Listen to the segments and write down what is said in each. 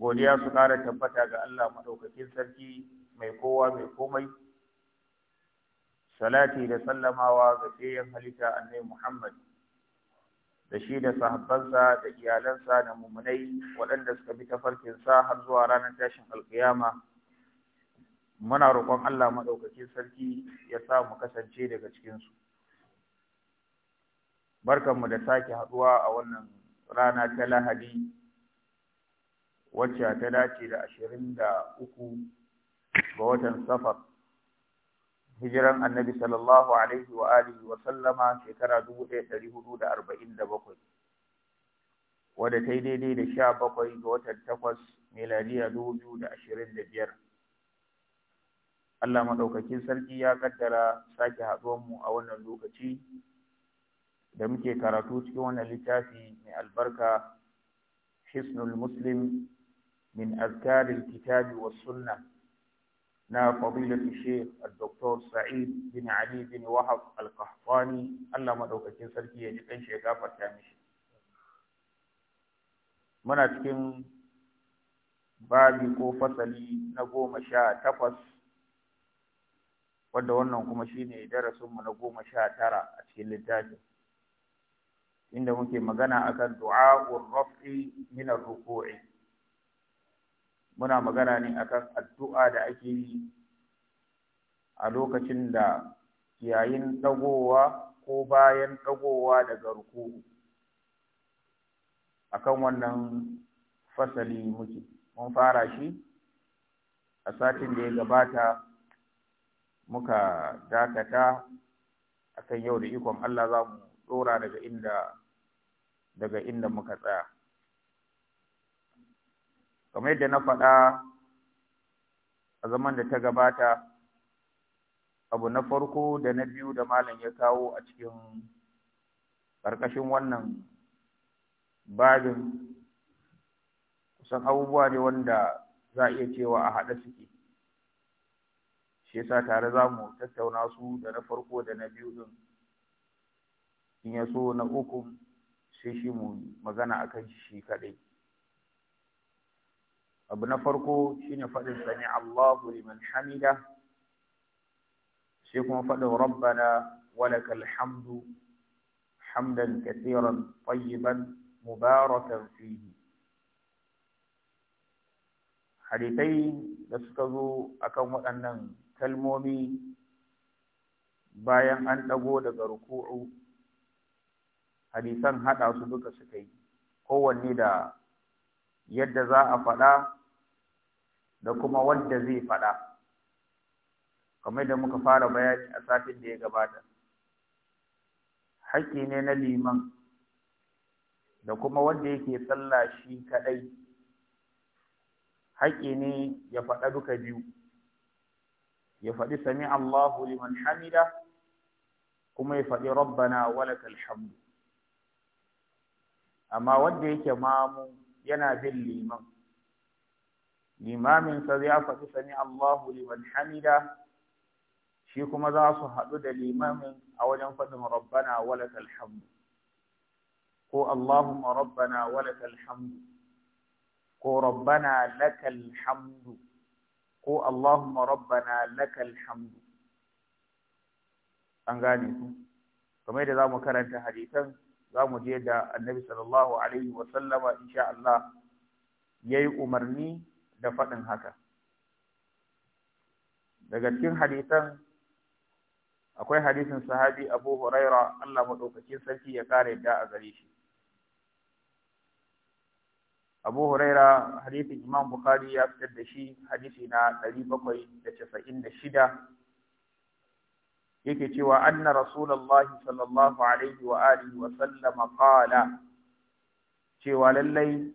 godiya su ƙara tabbata ga Allah maɗaukakin sarki mai kowa mai komai salati da sallamawa ga fiyayyen halitta annai Muhammad da shi da sahabbansa da iyalansa da mummunai waɗanda suka bi tafarkinsa har zuwa ranar tashin alkiyama muna roƙon Allah maɗaukakin sarki ya sa mu kasance daga cikinsu barkanmu da sake haɗuwa a wannan rana ta lahadi wacce ta dace da ashirin da uku ga watan safar hijiran annabi sallallahu alaihi wa alihi wa sallama shekara dubu ɗaya ɗari hudu da arba'in da bakwai wadda ta yi daidai da sha bakwai ga watan takwas miladiya dubu biyu da ashirin da biyar Allah maɗaukakin sarki ya kaddara sake mu a wannan lokaci da muke karatu cikin wannan littafi mai albarka hisnul muslim من أذكار الكتاب والسنة نا فضيلة الشيخ الدكتور Sa'id bin Ali bin Wahab القحطاني الله ما دوكا كين سركي يجي كان شي غافر تامشي muna cikin babi ko fasali na goma sha takwas wadda wannan kuma shine darasinmu na goma sha tara a cikin littafin inda muke magana akan du'a raf'i min ar-ruku'i muna magana ne akan addu'a da ake yi a lokacin da yayin dagowa ko bayan dagowa daga ruku'u akan wannan fasali muke mun fara shi a satin da ya gabata muka dakata akan yau da ikon Allah za mu ɗora daga inda daga inda muka tsaya kamar yadda na faɗa a zaman da ta gabata abu na farko da na biyu da malam ya kawo a cikin ƙarƙashin wannan babin kusan abubuwa ne wanda za a iya cewa a haɗa suke shi yasa tare za mu tattauna su da na farko da na biyu ɗin in ya so na uku sai shi mu magana a akan shi kaɗai abu na farko shine faɗin sami Allahu liman hamida sai kuma faɗin rabbana walakal hamdu hamdan katiran tayyiban mubarakan fihi hadithai da suka zo akan waɗannan kalmomi bayan an ɗago daga ruku'u hadisan haɗa su duka suka yi kowanne da yadda za a faɗa da kuma wanda zai faɗa kamar da muka fara bayani a satin da ya gabata haƙƙi ne na liman da kuma wanda yake sallah shi kaɗai haƙƙi ne ya faɗa duka biyu ya faɗi sami Allahu liman hamida kuma ya faɗi rabbana walakal hamdu amma wanda yake mamu yana bin liman limamin sa ya faɗi sami Allahu liman hamida shi kuma za su haɗu da limamin a wajen faɗin rabbana walakal hamdu ko Allahumma rabbana walakal hamdu ko rabbana lakal hamdu ko Allahumma rabbana lakal hamdu an gane ku kamar da zamu karanta hadisan zamu je da Annabi sallallahu alaihi wa sallama insha Allah yayi umarni da faɗin haka daga cikin hadisan akwai hadisin sahabi Abu Huraira Allah madaukakin sarki ya kare da a gare shi Abu Huraira hadisin Imam Bukhari ya fitar da shi hadisi na ɗari bakwai da da casa'in shida. yake cewa anna rasulallah, sallallahu alaihi wa alihi wa sallama qala cewa lallai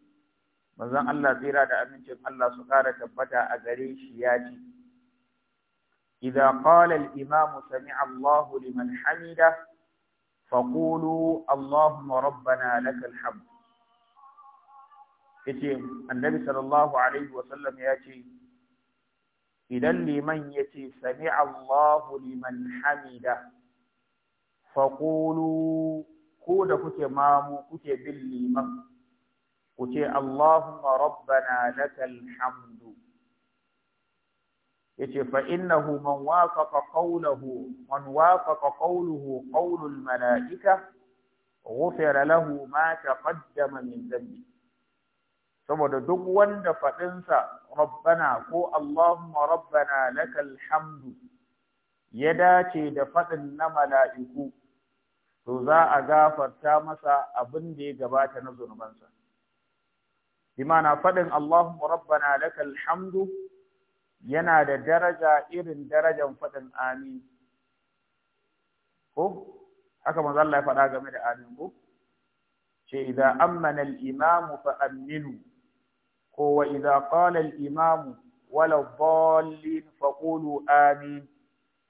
manzon Allah tsira da amincin Allah su kara tabbata a gare shi ya ce idza qala imam sami'a Allah liman hamida faqulu Allahumma rabbana lakal hamd yace annabi sallallahu alaihi wa sallam ya ce idan liman yace sami'a Allah liman hamida faqulu ko da kuke kuke bin liman ku ce Allahumma rabbana lakal hamdu yace fa innahu man wafaqa qawluhu man wafaqa malaika ghufira lahu ma taqaddama min dhanbi saboda duk wanda faɗinsa rabbana ko Allahumma rabbana lakal hamdu ya dace da faɗin na mala'iku to za a gafarta masa abin da ya gabata na zunubansa bimana faɗin Allahumma rabbana lakal hamdu yana da daraja irin darajan faɗin amin ko haka manzo Allah ya faɗa game da amin ko ce idza ammana al-imam fa aminu ko wa idza qala al-imam wala dhallin fa qulu amin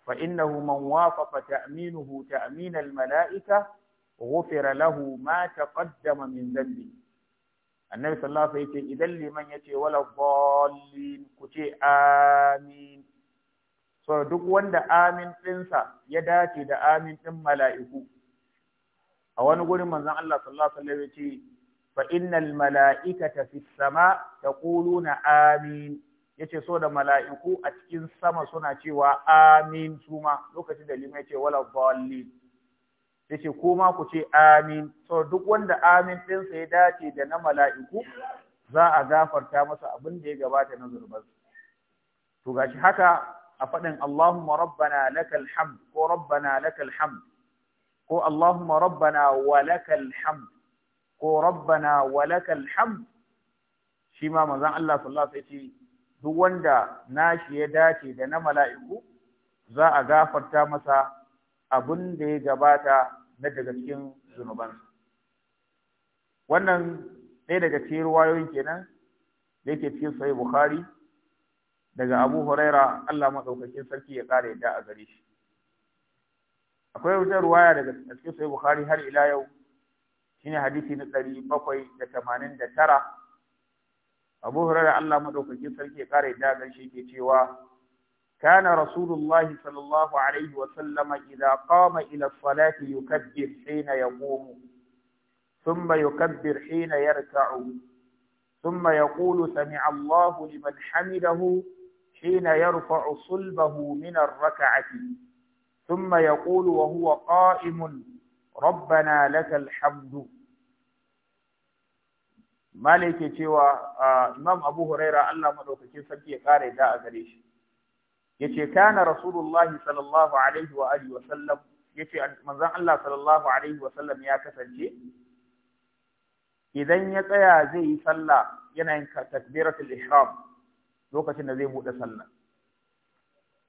fa innahu man wafaqa ta'minuhu ta'min al-mala'ika ghufira lahu ma taqaddama min dhanbihi annabi sallallahu alaihi wasallam idan liman yace wala dhallin ku ce amin so duk wanda amin sa ya dace da amin din mala'iku a wani gurin manzon Allah sallallahu alaihi wasallam yace fa innal mala'ikata fis sama taquluna amin yace so da mala'iku a cikin sama suna cewa amin suma lokacin da liman yace wala dhallin yace ko ma ku ce amin to duk wanda amin din sa ya dace da na mala'iku za a gafarta masa abin da ya gabata na zurbar to gashi haka a faɗin Allahumma rabbana lakal hamd ko rabbana lakal hamd ko Allahumma rabbana wa lakal hamd ko rabbana wa lakal hamd shi ma manzon Allah sallallahu alaihi wasallam duk wanda nashi ya dace da na mala'iku za a gafarta masa abin da ya gabata na daga cikin zunubansa wannan ɗaya daga cikin ruwayoyin kenan da yake cikin sai bukhari daga abu huraira Allah madaukakin sarki ya kare yadda a gare shi akwai wata ruwaya daga cikin sai bukhari har ila yau shine hadisi na ɗari bakwai da tamanin da tara abu huraira Allah madaukakin sarki ya kare yadda a gare shi ke cewa كان رسول الله صلى الله عليه وسلم إذا قام إلى الصلاة يكبر حين يقوم ثم يكبر حين يركع ثم يقول سمع الله لمن حمده حين يرفع صلبه من الركعة ثم يقول وهو قائم ربنا لك الحمد مالك cewa Imam Abu Huraira Allah madaukakin sarki ya kare da a gare shi yace kana rasulullahi sallallahu alaihi wa alihi wa sallam yace manzon Allah sallallahu alaihi wa sallam ya kasance idan ya tsaya zai yi sallah yana yin takbiratul ihram lokacin da zai bude sallah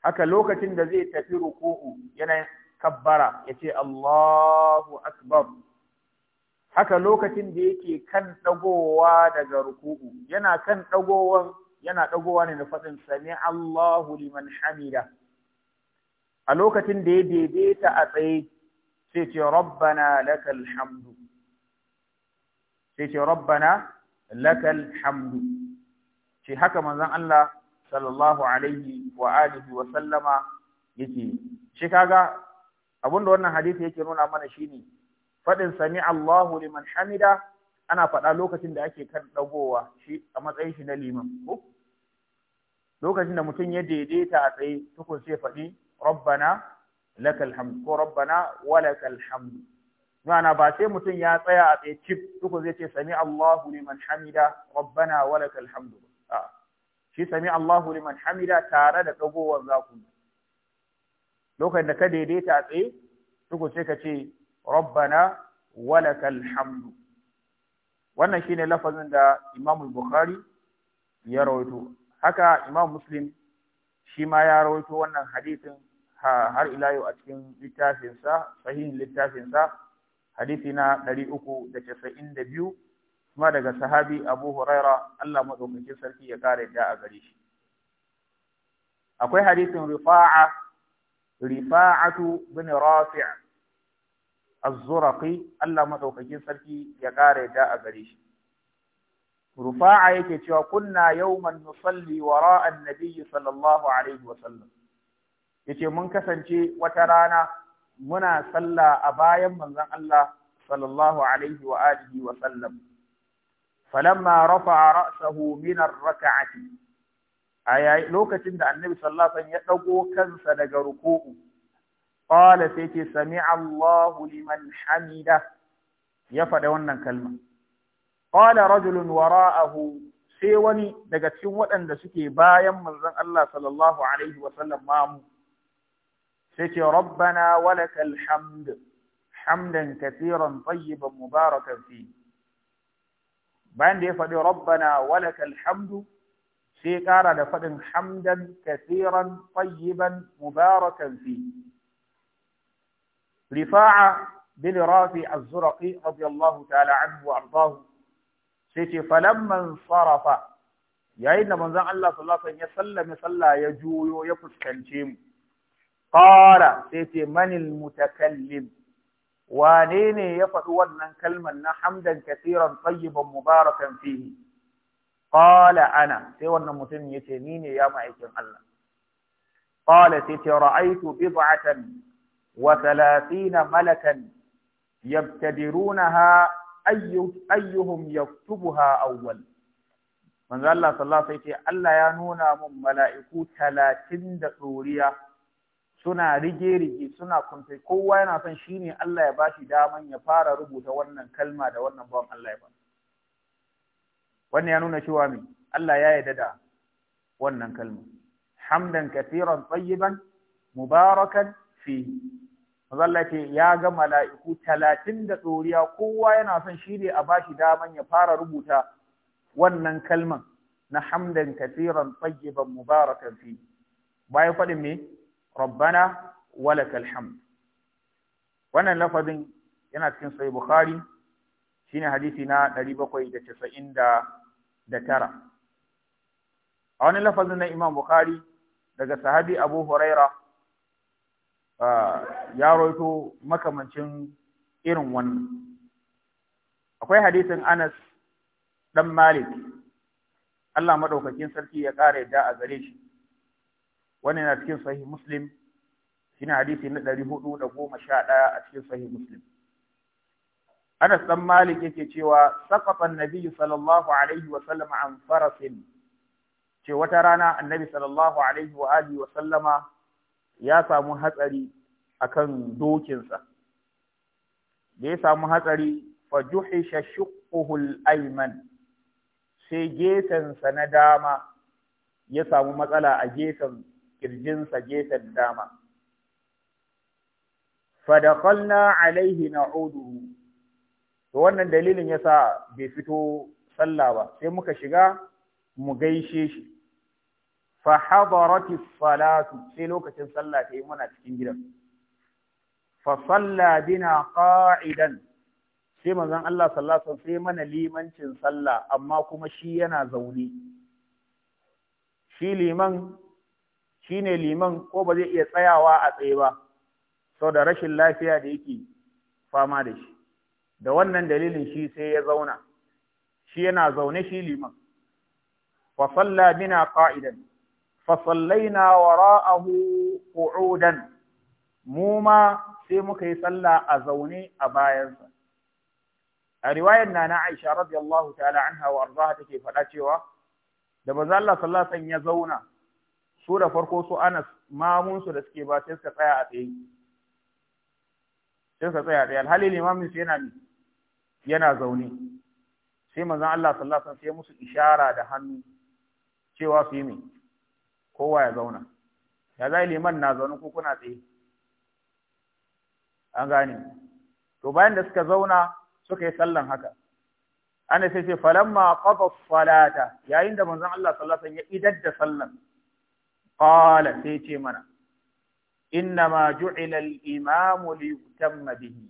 haka lokacin da zai tafi ruku'u yana kabbara yace Allahu akbar haka lokacin da yake kan dagowa daga ruku'u yana kan dagowan yana dagowa ne na fadin sami Allahu liman hamida a lokacin da ya daidaita a tsaye sai ce rabbana lakal hamdu sai ce rabbana lakal hamdu ce haka manzon Allah sallallahu alaihi wa alihi wa sallama yake shi kaga abinda wannan hadisi yake nuna mana shine fadin sami Allahu liman hamida ana faɗa lokacin da ake kan dagowa shi a matsayin shi na liman ko lokacin da mutum ya daidaita a tsaye tukun sai faɗi rabbana lakal hamdu!" ko rabbana walakal hamdu!" ma'ana ba sai mutum ya tsaya a tsaye cif tukun zai ce sami Allahu liman hamida rabbana walakal hamd a shi sami Allahu liman hamida tare da dagowar zakun lokacin da ka daidaita a tsaye tukun sai ka ce rabbana walakal hamdu!" wannan shine lafazin da Imam Bukhari ya rawaito haka imam muslim shi ma ya rawaito wannan hadisin har ila yau a cikin littafinsa sahihin littafinsa hadisi na 392 kuma daga sahabi abu huraira Allah madaukakin sarki ya kare da a gare shi akwai hadisin rifa'a rifa'atu bin rafi' az-zurqi Allah madaukakin sarki ya kare da a gare shi rufa'a yake cewa kunna yawman nusalli wara annabi sallallahu alaihi wasallam yace mun kasance wata rana muna sallah a bayan manzon Allah sallallahu alaihi wa alihi wa sallam falamma rafa'a ra'sahu min ar-rak'ati ayayi lokacin da annabi sallallahu alaihi ya dago kansa daga ruku'u qala sai ce sami'a Allahu liman hamida ya faɗa wannan kalma qala rajulun wara'ahu sai wani daga cikin waɗanda suke bayan manzon Allah sallallahu alaihi wa sallam sai ce rabbana walakal hamd hamdan katiran tayyiban mubarakan fi bayan da ya faɗi rabbana walakal hamdu sai ƙara da faɗin hamdan kasiran tayyiban mubarakan fi rifa'a bin rafi az-zurqi radiyallahu ta'ala anhu wa ardahu sai ce falamman sarafa yayin da manzon Allah sallallahu alaihi wasallam ya sallame sallah ya juyo ya fuskance mu qara sai ce manil mutakallim wane ne ya faɗi wannan kalmar na hamdan katiran tayyiban mubarakan fihi qala ana sai wannan mutum yace ni ne ya ma'aikin Allah qala sai ce ra'aytu bid'atan wa 30 malakan yabtadirunaha ayyuhum yaktubuha awwal manzo Allah sallallahu alaihi wasallam Allah ya nuna mun mala'iku 30 da tsoriya suna rige rige suna kunta kowa yana son shine Allah ya bashi daman ya fara rubuta wannan kalma da wannan bawan Allah ya bani. wannan ya nuna cewa me Allah ya yarda da wannan kalma hamdan katiran tayyiban mubarakan fihi Allah ce ya ga mala'iku talatin da tsoriya kowa yana son shi ne a bashi daman ya fara rubuta wannan kalman na hamdan kasiran tayyiban mubarakan fi bayan faɗin me rabbana wala kalham!" wannan lafazin yana cikin sai bukhari shine hadisi na da da casa'in 799 a wani lafazin na imam bukhari daga sahabi abu huraira Ah, ya roito makamancin irin wannan akwai hadisin Anas ɗan Malik Allah maɗaukakin sarki ya ƙara yadda a gare shi Wani na cikin sahih Muslim shine hadisi na ɗaya a cikin sahih Muslim Anas ɗan Malik yake cewa saqata an-nabi sallallahu alaihi wa an farasin ce wata rana annabi sallallahu alaihi wa sallama ya samu hatsari akan dokinsa da ya samu hatsari fa juhisha shuqquhul ayman sai gefensa na dama ya samu matsala a gefen kirjinsa gefen dama fadakalna alaihi na udu to wannan dalilin yasa bai fito sallah ba sai muka shiga mu gaishe shi fa hadarati salatu sai lokacin sallah ta yi muna cikin gidan fa salla bina qa'idan sai manzon Allah sallallahu alaihi wasallam sai mana limancin sallah amma kuma shi yana zaune shi liman shine liman ko ba zai iya tsayawa a tsaye ba saboda rashin lafiya da yake fama da shi da wannan dalilin shi sai ya zauna shi yana zaune shi liman fa salla bina qa'idan fasallaina wara'ahu qu'udan mu ma sai muka yi sallah a zaune a bayansa a riwayar na na Aisha radiyallahu ta'ala anha wa arzaha take faɗa cewa da manzo Allah sallallahu alaihi ya zauna su da farko su Anas mamun su da suke ba sai suka tsaya a tsaye sai suka tsaya a tsaye alhali limamin su yana yana zaune sai manzo Allah sallallahu alaihi sai musu ishara da hannu cewa su yi kowa ya zauna ya zai liman na zaune ko kuna tsaye an gane to bayan da suka zauna suka yi sallan haka ana sai ce falamma qada salata yayin da manzon Allah sallallahu alaihi wasallam ya idar da sallan qala sai ce mana inna ma ju'ila al-imam li yutamma bihi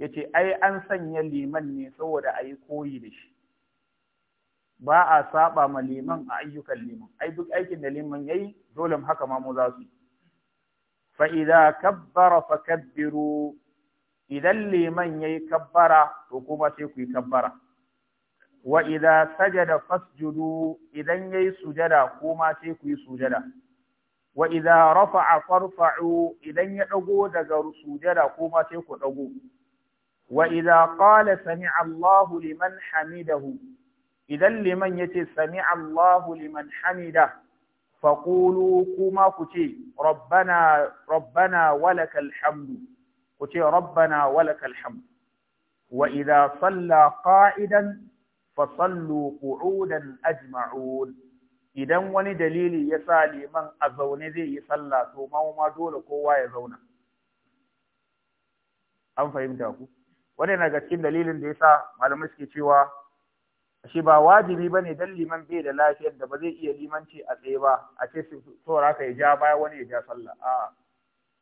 yace ai an sanya liman ne saboda ayi koyi da shi ba a saba ma liman a ayyukan liman ai duk aikin da liman yayi dole haka ma mu za su fa idza kabbara fakabbiru idan liman yayi kabbara to kuma sai ku yi kabbara wa idza sajada fasjudu idan yayi sujada kuma sai ku yi sujada wa idza rafa'a farfa'u idan ya dago daga sujada kuma sai ku dago wa idza qala sami'a Allahu liman hamidahu idan liman yace sami Allahu liman hamida faƙulu kuma ku ce rabbana rabbana walakal hamdu ku ce rabbana walakal hamdu wa idza salla qa'idan fa sallu qu'udan ajma'un idan wani dalili ya sa liman a zaune zai yi sallah to ma dole kowa ya zauna an fahimta ku Wani daga cikin dalilin da ya sa malamai suke cewa shi ba wajibi ba ne dan liman bai da lafiyar da ba zai iya limanci a tsaye ba a ce saboda haka ya ja baya wani ya ja sallah a'a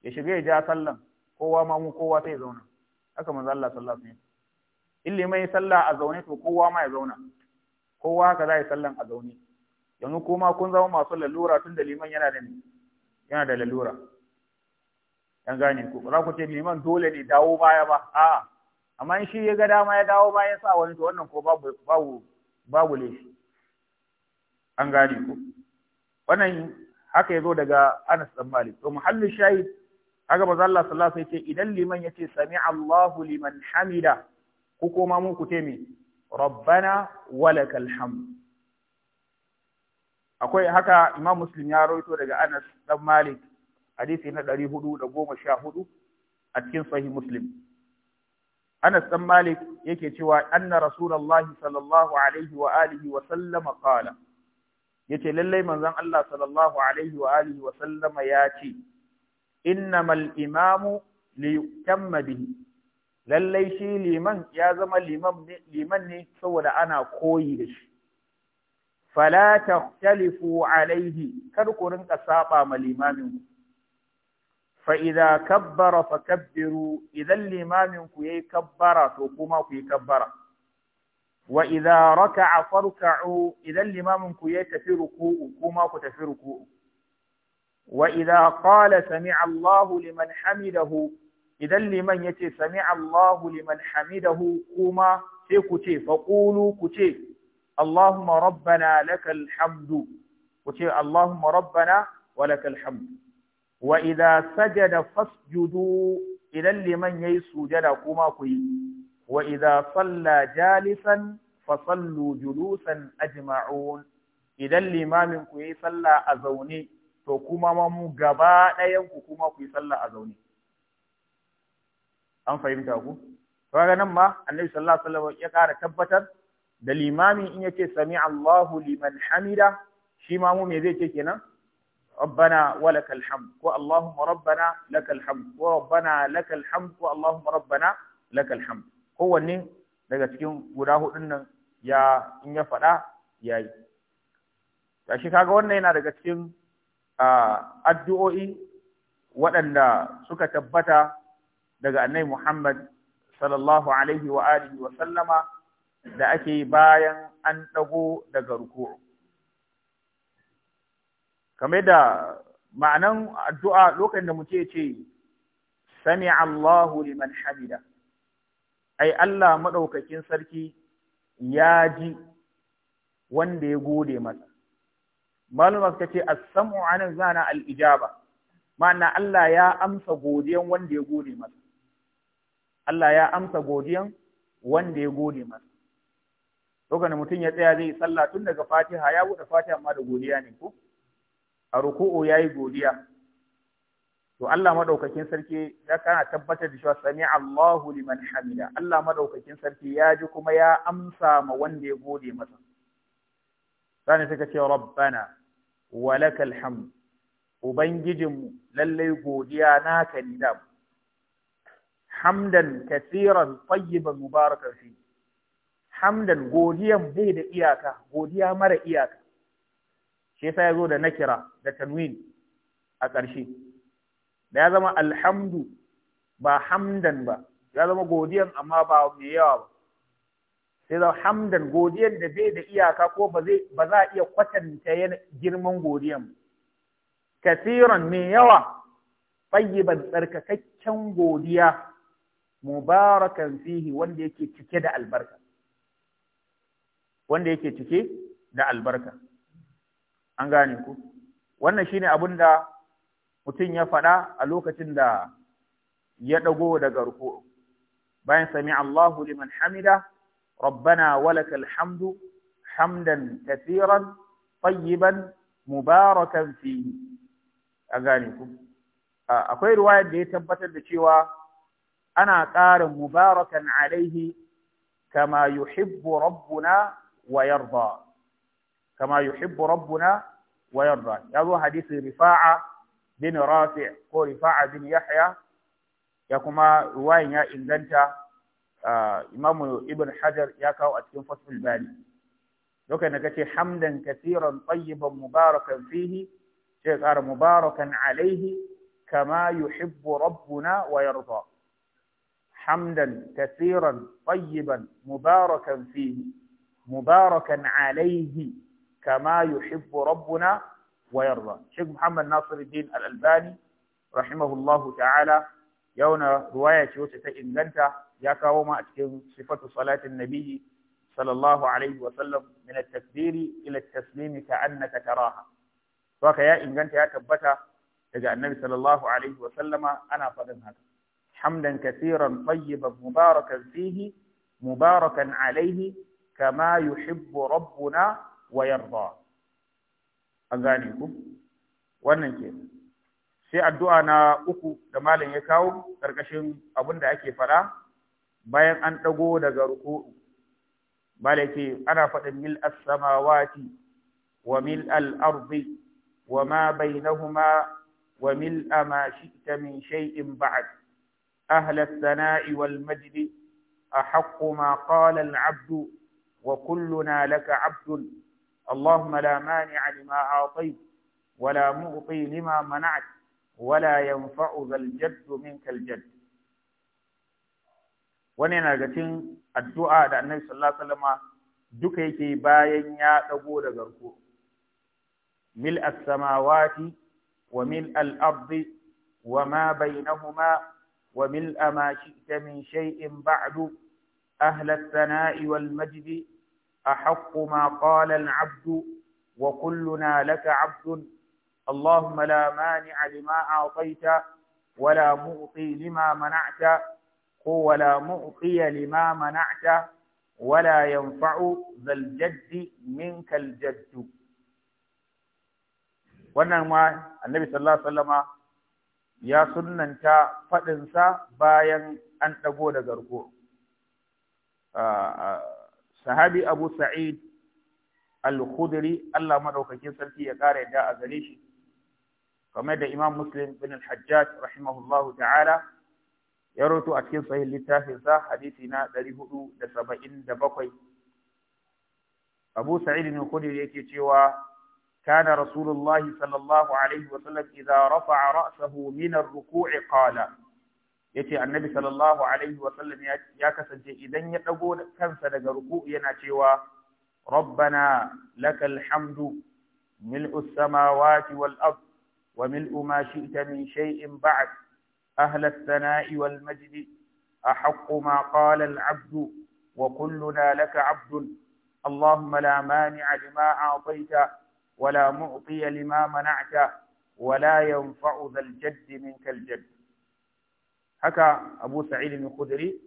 ya shiga ya ja sallan kowa ma mu kowa sai ya zauna haka manzo Allah sallallahu alaihi wasallam in liman ya sallah a zaune to kowa ma ya zauna kowa haka za ya sallan a zaune yanzu kuma kun zama masu lalura tun da liman yana da yana da lalura an gane ku ba za ku ce liman dole ne dawo baya ba a'a amma in shi ya ga dama ya dawo bayan sa wani to wannan ko babu babu babu an gane ko wannan haka yazo daga Anas bin Malik to muhallin shahid haka manzo Allah sallallahu alaihi wasallam idan liman yace sami'a Allahu liman hamida ku koma mu ku teme rabbana walakal hamd akwai haka Imam Muslim ya rawaito daga Anas bin Malik hadisi na 414 a cikin sahih Muslim Anas ɗan Malik yake cewa anna Rasulullahi sallallahu alaihi wa alihi wa sallama qala yace lallai manzan Allah sallallahu alaihi wa alihi wa sallama ya ce innamal imamu li yutamma bihi lallai shi liman ya zama liman ne saboda ana koyi da shi fala takhtalifu alaihi kar ku rinka saba ma limamin ku فإذا كبر فكبروا إذا الإمام كي كبر توكما كي كبر وإذا ركع فاركعوا إذا الإمام كي تفركوا كما كتفركوا وإذا قال سمع الله لمن حمده إذا لمن يتي سمع الله لمن حمده كما تكتي فقولوا كتي اللهم ربنا لك الحمد كتي اللهم ربنا ولك الحمد wa idza sajada fasjudu idan liman yayi sujada kuma ku yi wa idza salla jalisan fasallu julusan ajma'un idan limamin ku yayi salla a zaune to kuma mu gaba ɗayan ku kuma ku yi salla a zaune an fahimta ku ga nan ma annabi sallallahu alaihi wasallam ya ƙara tabbatar da limami in yace sami Allahu liman hamida shi ma mu me zai ce kenan ربنا ولك الحمد اللهم ربنا لك الحمد وربنا لك الحمد اللهم ربنا لك الحمد kowanne daga cikin guda hudun nan ya in ya faɗa ya yi kaga wannan yana daga cikin addu'o'i waɗanda suka tabbata daga annabi Muhammad sallallahu alaihi wa alihi wa sallama da ake bayan an ɗago daga ruku'u kamar da ma'anan addu'a lokacin da mutum ce sami Allahu liman hamida ai Allah maɗaukakin sarki ya ji wanda ya gode masa Malumar suka ce as-sam'u anan zana al-ijaba ma'ana Allah ya amsa godiyan wanda ya gode masa Allah ya amsa godiyan wanda ya gode masa lokacin mutum ya tsaya zai sallah tun daga Fatiha ya buɗe Fatiha amma da godiya ne ko a ruku'u yayi godiya to Allah madaukakin sarki ya kana tabbatar da cewa sami Allahu liman hamida Allah madaukakin sarki ya ji kuma ya amsa ma wanda ya gode masa sani suka ce rabbana wa lakal hamd ubangijinmu lallai godiya naka ni da hamdan kasiran tayyiban mubarakan fi hamdan godiyan bai da iyaka godiya mara iyaka shi ya yazo da nakira da tanwin a ƙarshe da ya zama alhamdu ba hamdan ba ya zama godiyan amma ba mai yawa ba sai zama hamdan godiyan da bai da iyaka ko ba zai ba za iya kwatanta girman godiyan kasiran mai yawa tayyiban tsarkakakken godiya mubarakan fihi wanda yake cike da albarka wanda yake cike da albarka an gane ku wannan shine abin da mutum ya faɗa a lokacin da ya ɗago daga ruku'u bayan sami Allahu liman hamida rabbana walakal hamdu hamdan kathiran tayyiban mubarakan a gane ku akwai riwayar da ya tabbatar da cewa ana ƙarin mubarakan alaihi kama yuhibbu rabbuna wa yarda كما يحب ربنا ويرضى هذا حديث رفاعة بن رافع هو رفاعة بن يحيى يقوم رواية إن قلت آه، إمام ابن حجر يكاو أتكين فصل الباني لو كان نكتي حمدا كثيرا طيبا مباركا فيه شيخ مباركا عليه كما يحب ربنا ويرضى حمدا كثيرا طيبا مباركا فيه مباركا عليه kama yuhibbu rabbuna wa yarda Sheikh Muhammad Nasiruddin Al-Albani rahimahullahu ta'ala yauna ruwaya ce wacce ta inganta ya kawo ma a cikin sifatu salatin nabiyyi sallallahu alaihi wa sallam min at-takbiri ila at-taslimi ka'annaka taraha ya inganta ya tabbata daga annabi sallallahu alaihi wa sallama ana faɗin haka hamdan kaseeran tayyiban mubarakan fihi mubarakan alaihi kama yuhibbu rabbuna wa yarda a gane ku wannan ke sai addu'a na uku da malam ya kawo ƙarƙashin abin da ake fara bayan an ɗago daga ruku'u malam yake ana faɗin mil as-samawati wa mil al-ardi wa ma bainahuma wa mil ma shi'ta min shay'in ba'd أهل الثناء والمجد أحق ما قال العبد وكلنا لك عبد اللهم لا مانع لما أعطيت ولا مغطي لما منعت ولا ينفع ذا الجد منك الجد wani yana daga cikin addu'a da annabi sallallahu alaihi wasallam duka yake bayan ya dago da garko mil as-samawati wa mil al-ardi wa ma bainahuma wa mil ma shi'ta min shay'in ba'du ahla as-sana'i wal majdi أحق ما قال العبد وكلنا لك عبد اللهم لا مانع لما أعطيت ولا مؤطي لما منعت ولا مؤطي لما منعت ولا ينفع ذا الجد منك الجد wannan ma annabi sallallahu alaihi wasallama ya sunnanta faɗinsa bayan an ɗago da garko sahabi Abu Sa'id al-Khudri Allah madaukakin sarki ya kare da a gare shi kamar da Imam Muslim bin al-Hajjaj rahimahullahu ta'ala ya roto a cikin sahih littafin sa hadisi na 477 Abu Sa'id al-Khudri yake cewa kana رسول الله صلى الله عليه وسلم إذا رفع yace annabi sallallahu alaihi wa sallam ya kasance idan ya dago kansa daga ruku'u yana cewa rabbana lakal hamdu mil'u samawati wal ard wa mil'u ma shi'ta min shay'in ba'd ahla ath-thana'i wal majd ahqqu ma qala al-'abdu wa kulluna laka 'abdun اللهم لا مانع لما أعطيت ولا معطي لما منعت ولا ينفع ذا الجد منك الجد haka Abu Sa'id al-Khudri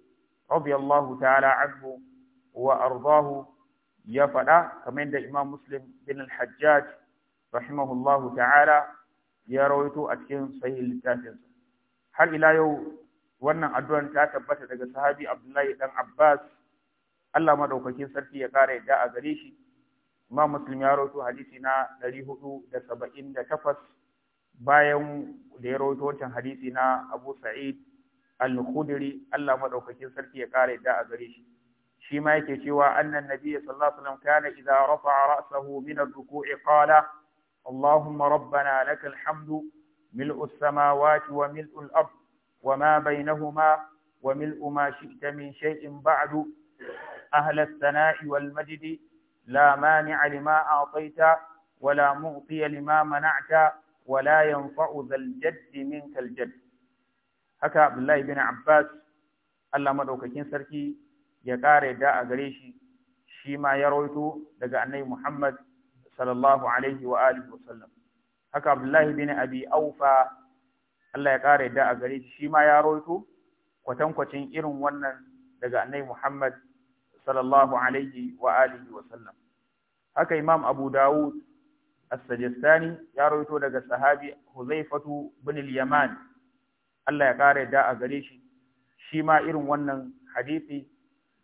radiyallahu ta'ala anhu wa ardahu ya faɗa kamar da Imam Muslim bin al-Hajjaj rahimahullahu ta'ala ya rawaito a cikin sahih littafinsa har ila yau wannan addu'an ta tabbata daga sahabi Abdullahi dan Abbas Allah madaukakin sarki ya kara yadda a gare shi imam muslim ya rawaito hadisi na da 478 bayan da ya rawaito wancan hadisi na Abu Sa'id al-khudri Allah madaukakin sarki ya kare da a gare shi shi ma yake cewa annan nabiyyi sallallahu alaihi wasallam kana idza rafa'a ra'sahu min ar-ruku'i qala اللهم ربنا لك الحمد ملء السماوات وملء الأرض وما بينهما وملء ما شئت من شيء بعد أهل الثناء والمجد لا مانع لما أعطيت ولا معطي لما منعت ولا ينفع ذا الجد منك الجد haka abdullahi bin abbas allah madaukakin sarki ya ƙara yadda a gare shi shi ma ya rawaito daga annabi muhammad sallallahu alaihi wa alihi wasallam haka abdullahi bin abi aufa allah ya ƙara yadda a gare shi shi ma ya rawaito kwatankwacin irin wannan daga annabi muhammad sallallahu alaihi wa alihi wasallam haka imam abu dawud as-sajistani ya rawaito daga sahabi huzaifatu bin al Allah ya ƙara yadda a gare shi shi ma irin wannan hadisi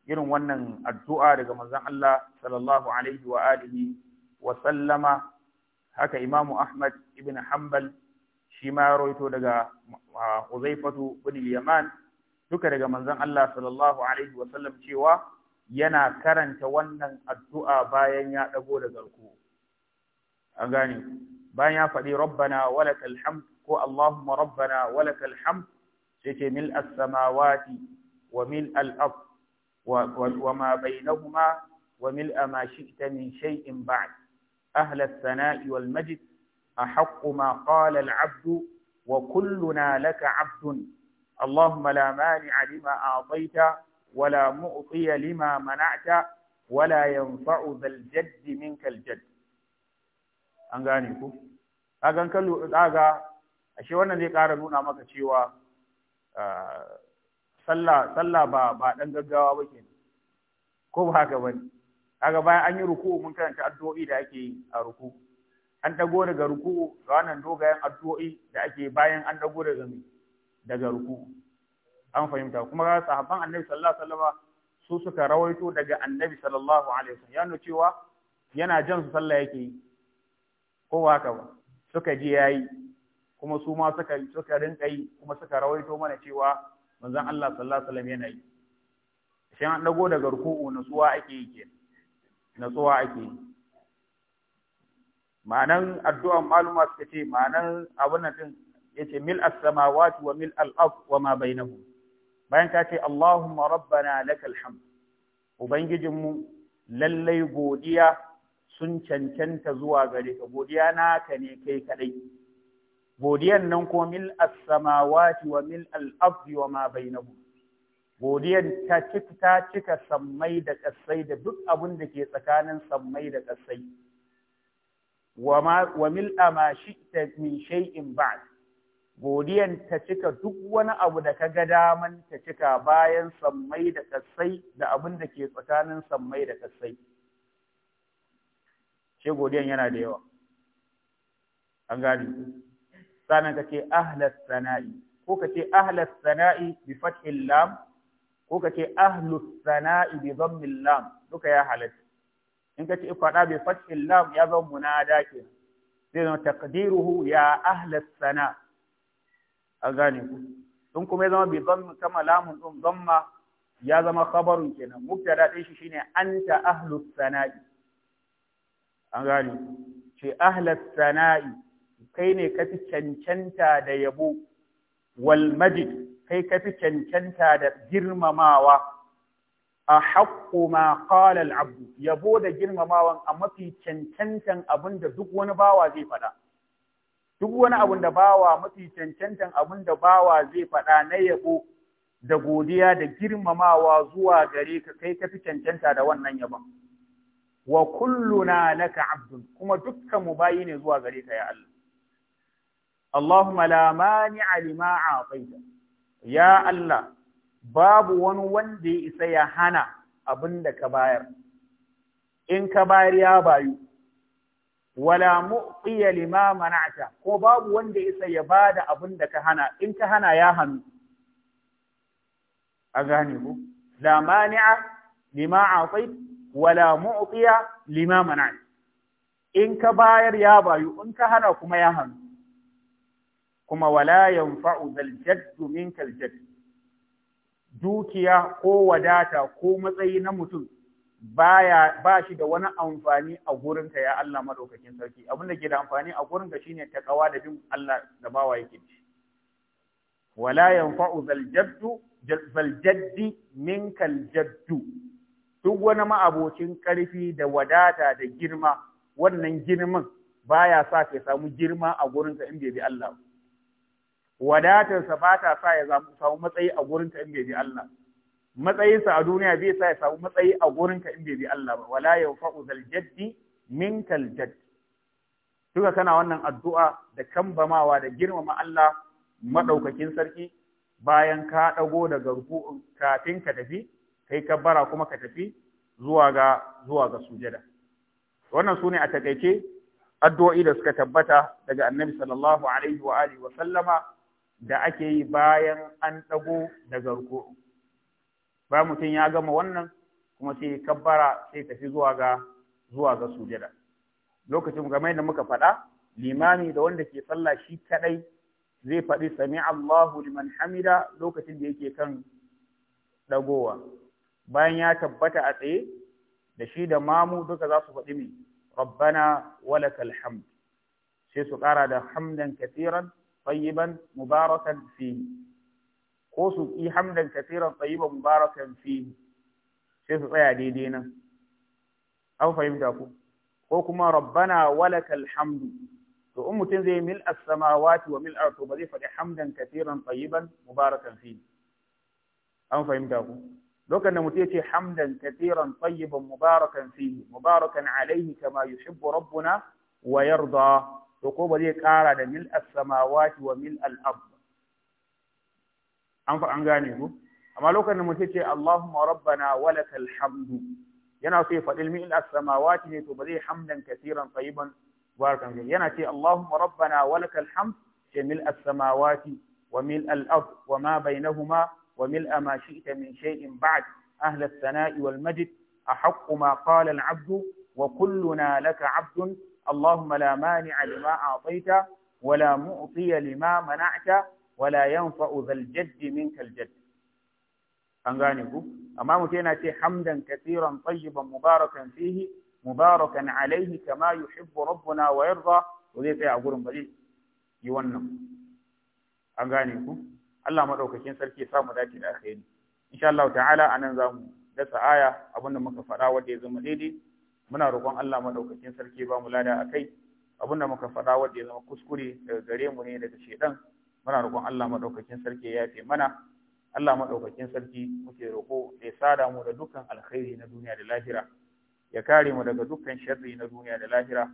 irin wannan addu'a daga manzon Allah sallallahu alaihi wa alihi wa sallama haka imamu Ahmad ibn Hanbal shi ma ya rawaito daga Uzaifatu bin Yaman duka daga manzon Allah sallallahu alaihi wa sallam cewa yana karanta wannan addu'a bayan ya dago daga ruku an gane bayan ya faɗi rabbana walakal hamd ko Allahumma rabbana walakal hamd sai ce mil as-samawati wa mil al-ard wa ma bainahuma wa mil ma shi'ta min shay'in ba'd أهل الثناء والمجد أحق ما قال العبد وكلنا لك عبد اللهم لا مانع لما أعطيت ولا مؤطي لما منعت ولا ينفع ذا الجد منك الجد أنغانيكو أغان كلو أغا ashe wannan zai ƙara nuna maka cewa ah, sallah ba ba gaggawa ba ke ko ba haka ba ne? kaga bayan an yi ruku mun karanta addu'o'i da ake yi a ruku. an dago daga ruku ga wannan dogayen addu'o'i da ake bayan an dago daga daga an fahimta kuma ga sahabban annabi sallallahu alaihi wasallam su suka rawaito daga annabi sallallahu alaihi wasallam nuna cewa yana jan su sallah yake yi ko ba haka ba suka je yayi kuma su ma suka suka rinka yi kuma suka rawaito mana cewa manzon Allah sallallahu alaihi wasallam yana yi shin an dago daga ruku'u natsuwa ake yi ke ake yi ma'anan addu'a maluma suka ce ma'anan abun nan din yace mil as-samawati wa mil al-ard wa ma bainahum bayan ka ce Allahumma rabbana lakal hamd ubangijinmu lallai godiya sun cancanta zuwa gare ka godiya naka ne kai kadai godiyan nan ko mil as-samawati wa mil al wa ma bainahum godiyan ta cika cika sammai da kasai da duk abin da ke tsakanin sammai da kasai wa mil amashi shi'ta min shay'in ba'd godiyan ta cika duk wani abu da ka ga daman ta cika bayan sammai da kasai da abin da ke tsakanin sammai da kasai ce godiyan yana da yawa an gani sannan kake ahlas sana'i ko kake ahlas sana'i bi fathil lam ko kake ahlus sana'i bi dhammil lam duka ya halatta in ka ce faɗa bi fathil lam ya zama munada ke sai zama taqdiruhu ya ahlas sana a gane ku in kuma ya zama bi dhammi kama lamun din dhamma ya zama khabarun kenan mubtada din shi shine anta ahlus sana'i an gane ce ahlas sana'i kai ne ka fi cancanta da yabo wal majid kai ka fi cancanta da girmamawa a haƙƙo ma qala al abdu yabo da girmamawan a mafi cancantan abin da duk wani bawa zai faɗa duk wani abin da bawa mafi cancantan abin da bawa zai faɗa na yabo da godiya da girmamawa zuwa gare ka kai ka fi cancanta da wannan yabon wa kulluna laka abdun kuma dukkan mu bayi ne zuwa gare ka ya Allah Allahuma la mani'a lima a'taita ya Allah babu wani wanda ya isa ya hana abin da ka bayar in ka bayar ya bayu wala mu'tiya lima mana'ta ko babu wanda isa ya bada abin da ka hana in ka hana ya hanu a gane ku la mani'a lima wala in ka bayar ya bayu in ka hana kuma ya kuma wala yanfa'u zal jaddu minkal jadd dukiya ko wadata ko matsayi na mutum baya ba shi da wani amfani a gurin ka ya Allah madaukakin sarki abin da ke da amfani a gurin ka shine ta kawa da bin Allah da bawa yake ci wala yanfa'u zal jaddu zal jaddi minkal jaddu duk wani ma'abocin karfi da wadata da girma wannan girman baya sa ka samu girma a gurinka in bai bi Allah wadatarsa ba ta sa ya samu matsayi a ka in bai bi Allah matsayinsa a duniya bai sa ya samu matsayi a ka in bai bi Allah ba wala yanfa'u zal jaddi minkal jadd duka kana wannan addu'a da kambamawa da girmama Allah maɗaukakin sarki bayan ka dago daga ruku'un kafin ka tafi kai kabbara kuma ka tafi zuwa ga zuwa ga sujada wannan sune a takeice addu'o'i da suka tabbata daga Annabi sallallahu alaihi wa alihi wa sallama da ake yi bayan an ɗago daga ruku'u ba mutum ya gama wannan kuma sai kabbara sai tafi zuwa ga zuwa ga sujada lokacin game da muka faɗa limami da wanda ke sallah shi kadai zai faɗi sami Allahu liman hamida lokacin da yake kan dagowa bayan ya tabbata a tsaye da shi da mamu duka za su faɗi mai rabbana walakal hamd sai su ƙara da hamdan kasiran tayyiban mubarakan fihi ko su ki hamdan katiran tayyiban mubarakan fihi sai su tsaya daidai nan an fahimta ku ko kuma rabbana walakal hamdu to in mutum zai mil as-samawati wa mil ardu ba zai faɗi hamdan katiran tayyiban mubarakan fihi an fahimta ku lokacin da mutum ya ce hamdan katiran tayyiban mubarakan fihi mubarakan alaihi kama yuhibbu rabbuna wa yarda to ko ba zai ƙara da mil samawati wa mil al an fa an gane ku amma lokacin da mutum ce Allahumma rabbana walakal hamdu yana so ya faɗi mil samawati ne to ba zai hamdan kaseeran tayyiban barakan fi yana ce Allahumma rabbana walakal hamd ce mil as-samawati wa mil al wa ma bainahuma wa mil ma shi'ta min shay'in ba'd أهل الثناء A أحق ما Abdu wa kulluna laka abdun Allahumma la mani'a lima a'taita wala la mu'tiya lima mana'ta wa la yanfa'u dhal jaddi minkal an gane ku amma mutum yana ce hamdan kasiran tayyiban mubarakan fihi mubarakan alaihi kama yuhibbu rabbuna wa yarda to zai tsaya a gurin ba zai yi wannan an gane ku Allah madaukakin sarki ya samu dace da alheri insha ta'ala anan zamu dasa aya da muka faɗa wanda ya zama daidai muna roƙon Allah madaukakin sarki ba mu lada akai abin da muka faɗa wanda ya zama kuskure daga gare mu ne daga shedan muna roƙon Allah madaukakin sarki ya yafe mana Allah madaukakin sarki muke roƙo ya sada mu da dukkan alkhairi na duniya da lahira ya kare mu daga dukkan sharri na duniya da lahira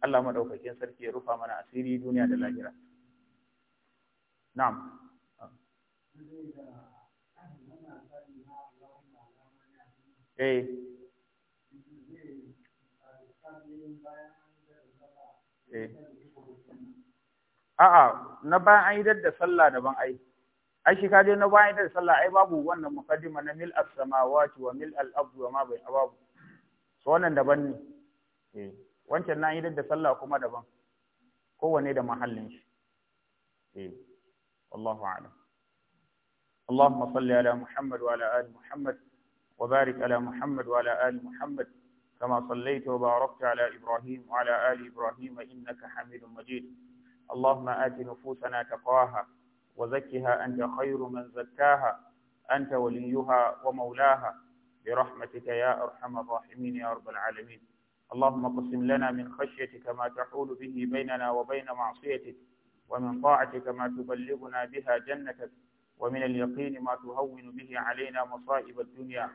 Allah madaukakin sarki ya rufa mana asiri duniya da lahira na'am eh Eh. A'a, na bayan an yi da sallah daban ai. Ai shi kaje na bayan da sallah ai babu wannan muqaddima na mil as-samawati wa mil al-ardi wa ma bai babu. So wannan daban ne. Eh, wancan na yi da sallah kuma daban. Kowanne da mahallin shi. Eh, wallahu a'lam. Muhammad wa ala ali Muhammad. Wa barik ala Muhammad wa ala ali Muhammad كما صليت وباركت على إبراهيم وعلى آل إبراهيم إنك حميد مجيد اللهم آت نفوسنا تقواها وزكها أنت خير من زكاها أنت وليها ومولاها برحمتك يا أرحم الراحمين يا رب العالمين اللهم اقسم لنا من خشيتك ما تحول به بيننا وبين معصيتك ومن طاعتك ما تبلغنا بها جنتك ومن اليقين ما تهون به علينا مصائب الدنيا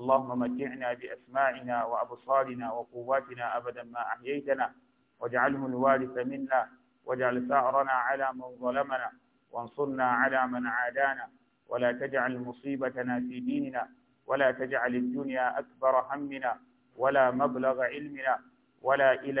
اللهم متعنا بأسماعنا وأبصارنا وقواتنا أبدا ما أحييتنا واجعله الوارث منا واجعل ثأرنا على من ظلمنا وانصرنا على من عادانا ولا تجعل مصيبتنا في ديننا ولا تجعل الدنيا أكبر همنا ولا مبلغ علمنا ولا إلى